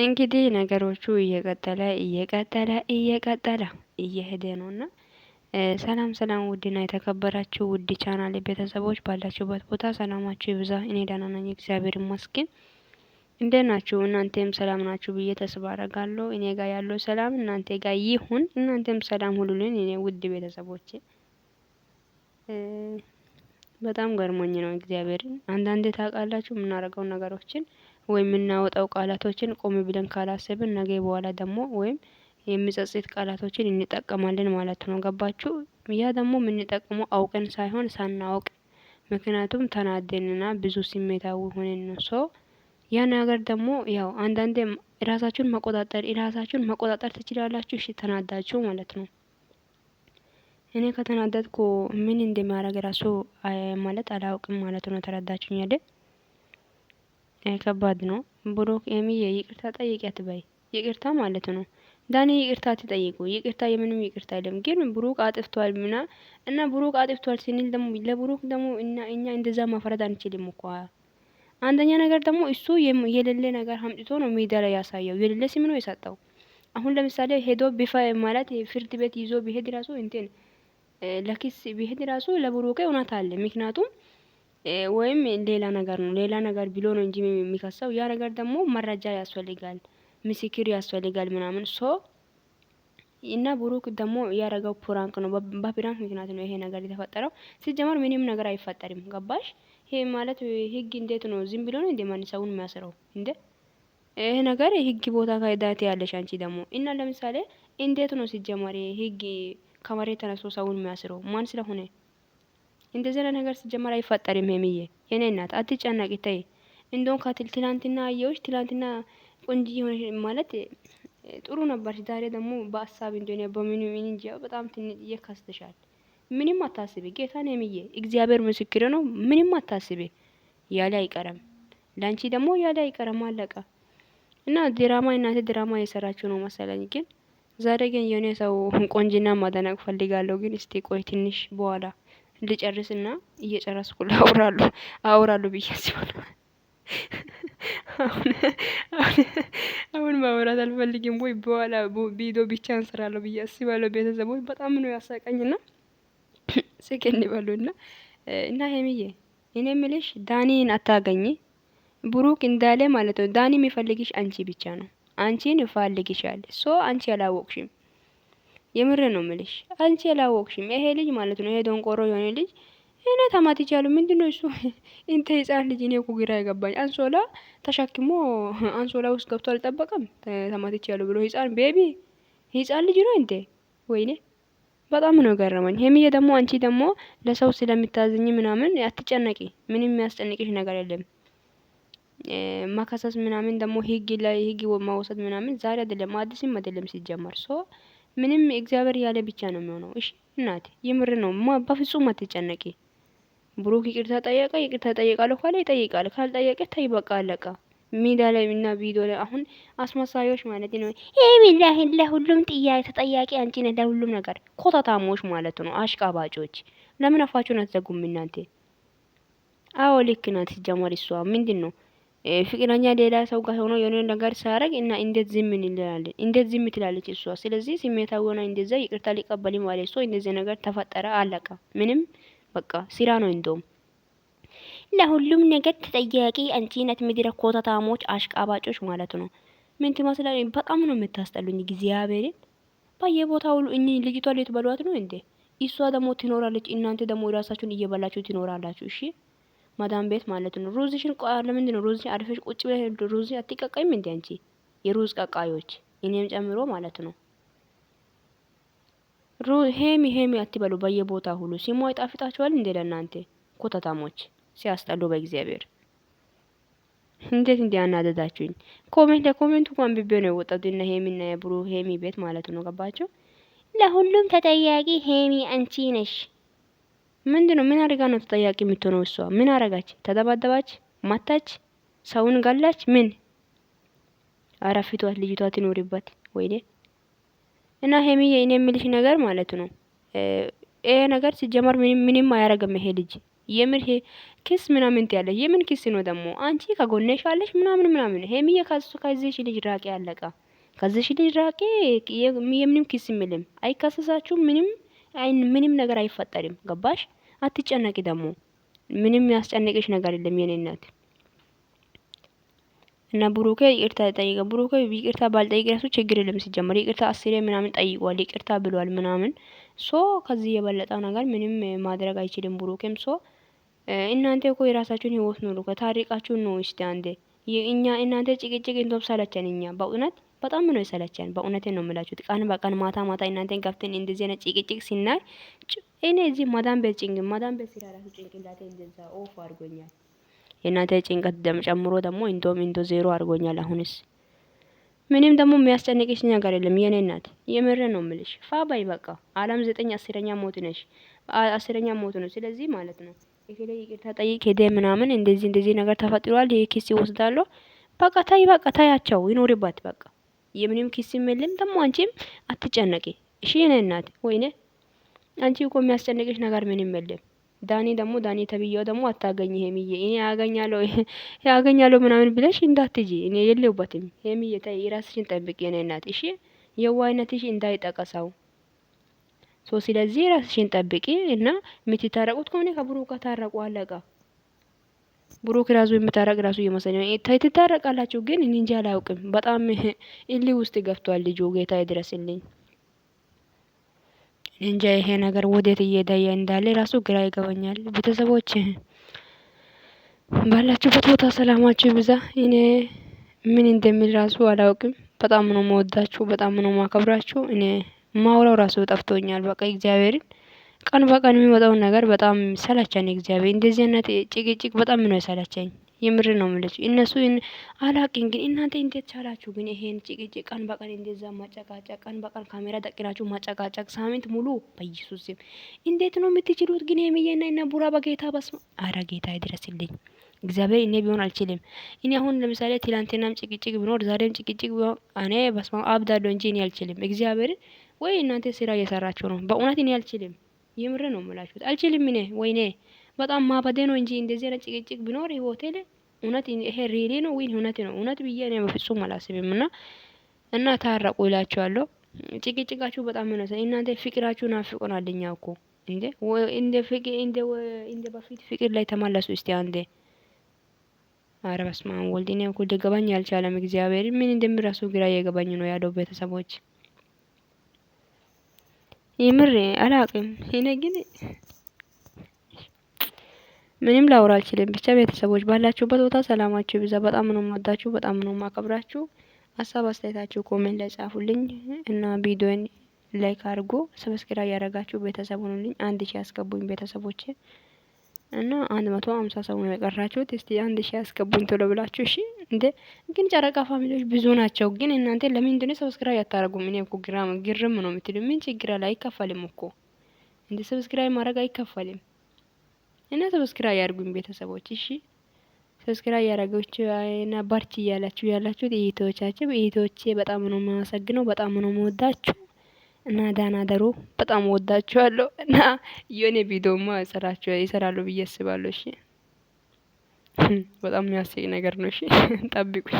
እንግዲህ ነገሮቹ እየቀጠለ እየቀጠለ እየቀጠለ እየሄደ ነው እና ሰላም ሰላም፣ ውድና የተከበራችሁ ውድ ቻናል ቤተሰቦች ባላችሁበት ቦታ ሰላማችሁ ይብዛ። እኔ ደህና ነኝ፣ እግዚአብሔር ይመስገን። እንዴት ናችሁ? እናንተም ሰላም ናችሁ ብዬ ተስባ አረጋለሁ። እኔ ጋር ያለው ሰላም እናንተ ጋር ይሁን። እናንተም ሰላም ሁሉልን እኔ ውድ ቤተሰቦች በጣም ገርሞኝ ነው እግዚአብሔርን። አንዳንዴ ታውቃላችሁ የምናደርገው ነገሮችን ወይም የምናወጣው ቃላቶችን ቆም ብለን ካላሰብን ነገ በኋላ ደግሞ ወይም የሚጸጽት ቃላቶችን እንጠቀማለን ማለት ነው። ገባችሁ? ያ ደግሞ የምንጠቀመው አውቀን ሳይሆን ሳናውቅ ምክንያቱም ተናደንና ብዙ ስሜታዊ ሆነን ነው። ሶ ያ ነገር ደግሞ ያው አንዳንዴ ራሳችሁን መቆጣጠር ራሳችሁን መቆጣጠር ትችላላችሁ። እሺ ተናዳችሁ ማለት ነው። እኔ ከተናደድኩ ምን እንደማደርግ ራሱ ማለት አላውቅም ማለት ነው። ተረዳችሁኝ አይደል? ከባድ ነው። ብሩክ ሀይሚዬ ይቅርታ ጠይቂያት በይ። ይቅርታ ማለት ነው ዳኒ ይቅርታ ትጠይቁ። ይቅርታ የምንም ይቅርታ አይደለም፣ ግን ብሩክ አጥፍቷል ምና እና ብሩክ አጥፍቷል ስንል ደግሞ ለብሩክ ደግሞ እና እኛ እንደዛ ማፍረድ አንችልም እኮ። አንደኛ ነገር ደግሞ እሱ የሌለ ነገር አምጥቶ ነው ሜዳ ላይ ያሳየው። የሌለ ስም ነው የሰጠው። አሁን ለምሳሌ ሄዶ ቢፋ ማለት ፍርድ ቤት ይዞ ቢሄድ ራሱ እንትን ለክስ ቢሄድ ራሱ ለብሩክ እውነት አለ ምክንያቱም ወይም ሌላ ነገር ነው። ሌላ ነገር ቢሎ ነው እንጂ የሚከሰው። ያ ነገር ደግሞ መረጃ ያስፈልጋል፣ ምስክር ያስፈልጋል ምናምን ሶ እና ብሩክ ደግሞ ያረገው ፕራንክ ነው። በፕራንክ ምክንያት ነው ይሄ ነገር የተፈጠረው። ሲጀመር ምንም ነገር አይፈጠርም። ገባሽ? ይሄ ማለት ህግ እንዴት ነው? ዝም ብሎ ነው እንዴ ማን ሰውን የሚያስረው እንዴ? ይሄ ነገር ህግ ቦታ ካይዳት ያለሽ አንቺ ደግሞ እና ለምሳሌ እንዴት ነው ሲጀመር ህግ ከመሬት ተነስቶ ሰውን የሚያስረው ማን ስለሆነ እንደዚህ አይነት ነገር ሲጀመር አይፈጠርም። ሄምዬ የኔ እናት አትጨነቂ ተይ። እንደውም ከትል ትላንትና አየሁሽ፣ ትላንትና ቆንጂ የሆነሽ ማለት ጥሩ ነበርሽ። ዛሬ ደግሞ በአሳብ እንደሆነ በምኑ ምን እንጂ በጣም ትንሽ ከስተሻል። ምንም አታስቢ ጌታን ሄምዬ፣ እግዚአብሔር ምስክሬ ነው። ምንም አታስቢ፣ ያለ አይቀርም ለአንቺ ደግሞ ያለ አይቀርም። አለቀ እና ድራማ እናቴ ድራማ የሰራችው ነው መሰለኝ ግን ዛሬ ግን የኔ ሰው ቆንጂና ማደነቅ ፈልጋለሁ። ግን እስቲ ቆይ ትንሽ በኋላ ልጨርስና እየጨረስኩ አውራሉ አውራሉ ብዬ ሲሆን አሁን ማውራት አልፈልግም። ወይ በኋላ ቪዲዮ ብቻ እንሰራለሁ ብዬ አስባለሁ። ቤተሰቦች በጣም ነው ያሳቀኝና ስቅን ይበሉና እና ሄምዬ እኔ ምልሽ ዳኒን አታገኝ ብሩክ እንዳለ ማለት ነው። ዳኒ የሚፈልግሽ አንቺ ብቻ ነው። አንቺን ይፈልግሻል። ሶ አንቺ አላወቅሽም። የምር ነው ምልሽ። አንቺ አላወቅሽም። ይሄ ልጅ ማለት ነው ይሄ ደንቆሮ የሆነ ልጅ እኔ ተማት ይቻሉ ምንድን ነው እሱ እንተ ህጻን ልጅ እኔ ኩግራ የገባኝ ይገባኝ። አንሶላ ተሸክሞ አንሶላ ውስጥ ገብቶ አልጠበቀም ተማት ይቻሉ ብሎ ህጻን ቤቢ ህጻን ልጅ ነው እንዴ? ወይኔ በጣም ነው ገረመኝ። ሄሚዬ ደግሞ አንቺ ደግሞ ለሰው ስለምታዝኝ ምናምን አትጨነቂ። ምንም የሚያስጨንቅሽ ነገር የለም። መከሰስ ምናምን ደግሞ ህግ ላይ ህግ መውሰድ ምናምን ዛሬ አይደለም አዲስም አይደለም ሲጀመር ሶ ምንም እግዚአብሔር ያለ ብቻ ነው የሚሆነው። እሺ እናት የምር ነው ማ በፍጹም አትጨነቂ። ብሩክ ይቅርታ ጠየቀ፣ ይቅርታ ጠይቃለሁ ካለ ይጠይቃል። ካልጠየቀ ታይ በቃ አለቃ። ሜዳ ላይ እና ቪዲዮ ላይ አሁን አስመሳዮች ማለት ነው። ይሄ ቢላህ ለሁሉም ጥያቄ ተጠያቂ አንቺ ነሽ፣ ለሁሉም ነገር ኮታታሞች ማለት ነው። አሽቃባጮች ለምን አፋችሁን አትዘጉም እናንተ? አዎ ልክ ናት። ጀማሪ እሷ ምንድን ነው ፍቅረኛ ሌላ ሰው ጋር ሆኖ የሆነ ነገር ሳያደርግ እና እንዴት ዝም ይላል? እንዴት ዝም ትላለች እሷ? ስለዚህ ስሜታዊ ሆና እንደዛ ይቅርታ ሊቀበል ማለት ሰው እንደዚህ ነገር ተፈጠረ አለቀ። ምንም በቃ ስራ ነው። እንደውም ለሁሉም ነገር ተጠያቂ አንቺ ነሽ። ምድረ ኮተታሞች አሽቃባጮች ማለት ነው። ምን ትመስላለ? በጣም ነው የምታስጠሉኝ። እግዚአብሔርን በየቦታ ሁሉ እኚህ ልጅቷ ሌት በሏት ነው እንዴ? እሷ ደግሞ ትኖራለች፣ እናንተ ደግሞ ራሳችሁን እየበላችሁ ትኖራላችሁ። እሺ ማዳም ቤት ማለት ነው። ሩዝሽን ለምንድን ነው ሩዝሽን አርፈሽ ቁጭ ብለሽ ሩዝ አትቀቀይም እንዴ አንቺ? የሩዝ ቀቃዮች እኔም ጨምሮ ማለት ነው። ሩዝ ሄሚ ሄሚ አትበሉ በየቦታ ሁሉ ሲሞ ይጣፍጣችኋል እንዴ ለእናንተ ኮተታሞች ሲያስጠሉ በእግዚአብሔር እንዴት እንዲህ አናደዳችሁኝ? ኮሜንት ለኮሜንቱ እንኳን ቢቤ ነው የወጣሁት እና ሄሚና የብሩ ሄሚ ቤት ማለት ነው። ገባችሁ? ለሁሉም ተጠያቂ ሄሚ አንቺ ነሽ። ነው? ምን አድርጋ ነው ተጠያቂ የምትሆነው? እሷ ምን አረጋች? ተደባደባች? ማታች? ሰውን ጋላች? ምን አራፊቷት ልጅቷ ትኖርበት ወይኔ። እና ሄሚ የኔ የሚልሽ ነገር ማለት ነው ይሄ ነገር ሲጀመር ምንም አያረገም ይሄ ልጅ የምን ኪስ ምናምን ትያለሽ? የምን ኪስ ነው ደግሞ? አንቺ ከጎነሽ አለሽ ምናምን ምናምን። ሄሚዬ ከሱ ከዚህ ልጅ ራቄ አለቃ። ከዚህ ልጅ ራቄ የምንም ኪስ ምልም አይካሰሳችሁም ምንም አይን ምንም ነገር አይፈጠርም። ገባሽ? አትጨነቂ። ደግሞ ምንም ያስጨነቅሽ ነገር የለም የኔ እናት። እና ብሩኬ ይቅርታ ጠይቀ ብሩኬ ይቅርታ ባልጠይቅ ራሱ ችግር የለም። ሲጀመር ይቅርታ አስሬ ምናምን ጠይቋል፣ ይቅርታ ብሏል ምናምን ሶ ከዚህ የበለጠው ነገር ምንም ማድረግ አይችልም። ብሩኬም ሶ እናንተ እኮ የራሳችሁን ህይወት ኑሩ፣ ከታሪቃችሁ ነው እስቲ አንዴ። እኛ እናንተ ጭቅጭቅ እንቶም ሰለቸን እኛ በእውነት በጣም ነው የሰለቸን። በእውነቴ ነው የምላችሁት። ቀን በቀን ማታ ማታ እናንተን ገብተን እንደዚህ አይነት ጭቅጭቅ ሲናይ እኔ እዚህ ማዳም ቤት ጭንቅ ማዳም ቤት ስራ ራሱ ጭንቅላቴ እንደዛ ኦፍ አድርጎኛል። የእናንተ ጭንቀት ደም ጨምሮ ደግሞ እንደውም እንዶ ዜሮ አድርጎኛል። አሁንስ ምንም ደግሞ የሚያስጨንቅሽ ነገር የለም የኔ እናት፣ የምር ነው ምልሽ። ፋባይ በቃ አለም ዘጠኝ አስረኛ ሞት ነሽ፣ አስረኛ ሞት ነው። ስለዚህ ማለት ነው የተለይ ይቅርታ ጠይቅ ሄደ ምናምን እንደዚህ እንደዚህ ነገር ተፈጥሯል፣ ይሄ ኪስ ይወስዳለሁ። በቃ ታይ፣ በቃ ታያቸው፣ ይኖርባት በቃ የምንም ኪስም የለም። ደግሞ አንቺም አትጨነቂ እሺ የኔ እናት። ወይኔ አንቺ እኮ የሚያስጨንቅሽ ነገር ምንም የለም። ዳኒ ደግሞ ዳኒ ተብዬው ደግሞ አታገኝ ሄምዬ፣ እኔ ያገኛለሁ ያገኛለሁ ምናምን ብለሽ እንዳትጂ። እኔ የለሁበትም ሄምዬ፣ ተይ ራስሽን ጠብቂ የኔ እናት እሺ። የዋይነትሽ እንዳይጠቀሰው ሶ ስለዚህ ራስሽን ጠብቂ እና የምትታረቁት ከሆነ ከብሩ ጋር ታረቁ አለቃ ብሩክ ራሱ የምታረቅ ራሱ እየመሰለኝ ነው። ትታረቃላችሁ ግን እኔ እንጂ አላውቅም። በጣም እሊ ውስጥ ገብቷል ልጁ። ጌታ ይድረስልኝ እንጃ ይሄ ነገር ወዴት እየዳየ እንዳለ ራሱ ግራ ይገባኛል። ቤተሰቦች ባላችሁበት ቦታ ሰላማችሁ ይብዛ። እኔ ምን እንደሚል ራሱ አላውቅም። በጣም ነው መወዳችሁ፣ በጣም ነው ማከብራችሁ። እኔ ማውራው ራሱ ጠፍቶኛል። በቃ እግዚአብሔርን ቀን በቀን የሚመጣውን ነገር በጣም ሰላቸኝ። እግዚአብሔር እንደዚህ አይነት ጭቅጭቅ በጣም ነው ያሰላቸኝ። የምር ነው የምለች እነሱ አላቅኝ። ግን እናንተ እንዴት ቻላችሁ? ግን ይሄን ጭቅጭቅ ቀን በቀን እንደዛ ማጨቃጨቅ፣ ቀን በቀን ካሜራ ጠቅናችሁ ማጨቃጨቅ ሳምንት ሙሉ በኢየሱስ ስም እንዴት ነው የምትችሉት? ግን የሚየና እና ቡራ በጌታ በስመ አብ ጌታ ይድረስልኝ። እግዚአብሔር እኔ ቢሆን አልችልም። እኔ አሁን ለምሳሌ ትላንትናም ጭቅጭቅ ቢኖር ዛሬም ጭቅጭቅ ቢሆን እኔ በስመ አብ አብዳለሁ እንጂ እኔ አልችልም። እግዚአብሔር ወይ እናንተ ስራ እየሰራችሁ ነው። በእውነት እኔ አልችልም። የምር ነው ምላችሁት። አልችልም እኔ ወይኔ በጣም ማበደ ነው እንጂ እንደዚህ አይነት ጭቅጭቅ ቢኖር ሆቴል እውነት ይሄ ሪሊ ነው ወይ እውነት ነው እውነት ብዬ እኔ በፍጹም አላስብም። እና እና ታረቁ ይላችኋለሁ። ጭቅጭቃችሁ በጣም ነው እናንተ ፍቅራችሁ ናፍቆናል። እኛ እኮ እንደ እንደ ፍቅር እንደ እንደ በፊት ፍቅር ላይ ተመለሱ እስቲ አንዴ። አረ በስመ አብ ወልድ እኔ እኮ ሊገባኝ አልቻለም። እግዚአብሔር ምን እንደምራሱ ግራ እየገባኝ ነው ያለው ቤተሰቦች የምር አላቅም። እኔ ግን ምንም ላውራ አልችልም። ብቻ ቤተሰቦች ባላችሁበት ቦታ ሰላማችሁ ይብዛ። በጣም ነው የምወዳችሁ፣ በጣም ነው የማከብራችሁ። ሀሳብ አስተያየታችሁ ኮሜንት ላይ ጻፉልኝ እና ቪዲዮን ላይክ አድርጉ፣ ሰብስክራይብ ያደረጋችሁ ቤተሰብ ሁኑልኝ። አንድ ሺህ አስገቡኝ ቤተሰቦቼ እና አንድ መቶ ሀምሳ ሰው ነው የቀራችሁት። እስቲ አንድ ሺህ አስገቡኝ ቶሎ ብላችሁ እሺ። እንደ ግን ጨረቃ ፋሚሊዎች ብዙ ናቸው። ግን እናንተ ለምንድን ነው ሰብስክራይብ ያታረጉም? እኔ እኮ ግራም ግርም ነው የምትሉ። ምን ችግር አለ? አይከፈልም እኮ እንደ ሰብስክራይብ ማድረግ አይከፈልም። እና ሰብስክራይብ ያርጉኝ ቤተሰቦች። እሺ ሰብስክራይብ ያረጋችሁ እና ባርቺ እያላችሁ ያላችሁ እህቶቻችሁ እህቶቼ በጣም ነው የማመሰግነው። በጣም ነው የምወዳችሁ እና ዳና ደሮ በጣም ወዳችኋለሁ እና የኔ ቪዲዮማ ይሰራሉ ብዬ አስባለሁ። እሺ በጣም የሚያስቅ ነገር ነው። እሺ ጠብቁኝ።